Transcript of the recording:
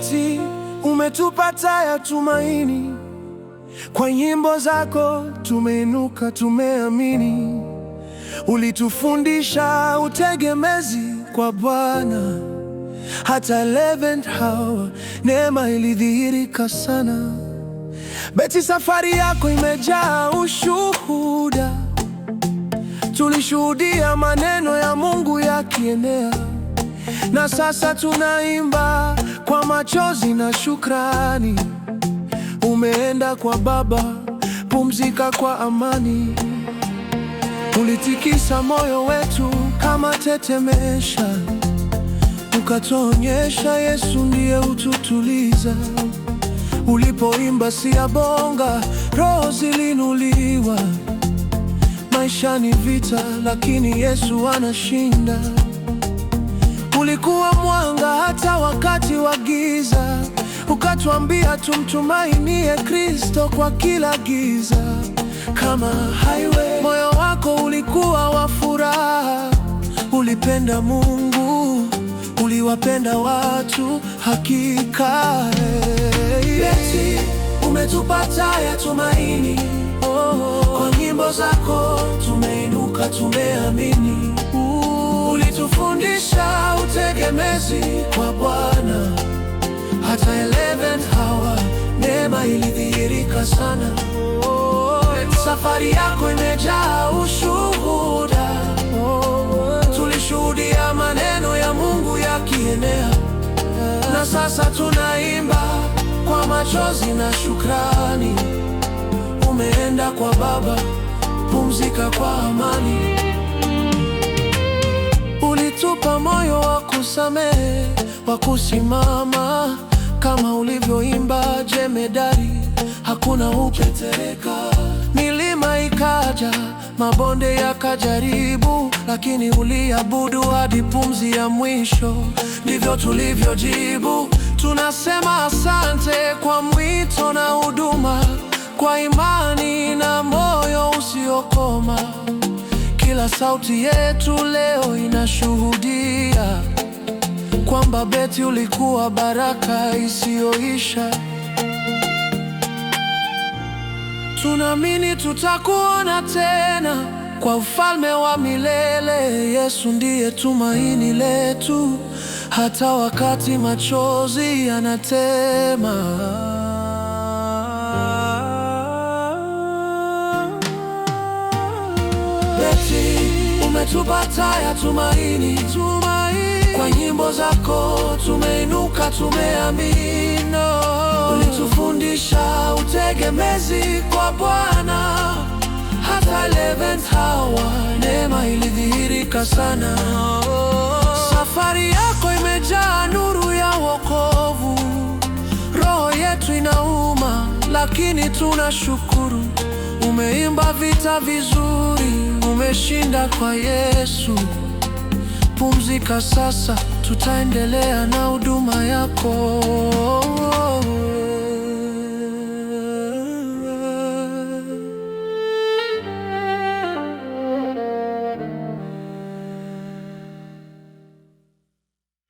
wakati umetupata ya tumaini, kwa nyimbo zako tumeinuka, tumeamini. Ulitufundisha utegemezi kwa Bwana, hata 11 hawa neema ilidhihirika sana. Beti, safari yako imejaa ushuhuda, tulishuhudia maneno ya Mungu yakienea na sasa tunaimba kwa machozi na shukrani. Umeenda kwa Baba, pumzika kwa amani. Ulitikisa moyo wetu kama tetemesha, ukatuonyesha Yesu ndiye ututuliza. Ulipoimba siyabonga, roho zilinuliwa. Maisha ni vita, lakini Yesu anashinda. wa giza, ukatuambia tumtumainie Kristo kwa kila giza kama highway. Moyo wako ulikuwa wa furaha, ulipenda Mungu, uliwapenda watu hakika. Beti, umetupa taa ya tumaini Kwa nyimbo zako tumeinuka, tumeamini, ulitufundisha hongera sana, oh, safari yako imejaa ushuhuda. Tulishuhudia maneno ya Mungu yakienea, na sasa tunaimba kwa machozi na shukrani. Umeenda kwa Baba, pumzika kwa amani. Ulitupa moyo wa kusamehe, wa kusimama kama ulivyoimba jemedari hakuna upetereka. Milima ikaja, mabonde yakajaribu, lakini uliabudu hadi pumzi ya mwisho. Ndivyo tulivyojibu, tunasema asante kwa mwito na huduma, kwa imani na moyo usiokoma. Kila sauti yetu leo inashuhudia kwamba beti ulikuwa baraka isiyoisha. Tunaamini tutakuona tena kwa ufalme wa milele. Yesu ndiye tumaini letu, hata wakati machozi yanatema. Umetupa taa ya tumaini, tumaini. Kwa nyimbo zako tumeinuka, tumeamini. Fundisha utegemezi kwa Bwana. Hata Eleventh Hour neema ilidhihirika sana. Safari yako imejaa nuru ya wokovu. Roho yetu inauma, lakini tunashukuru. Umeimba vita vizuri, umeshinda kwa Yesu. Pumzika sasa, tutaendelea na huduma yako.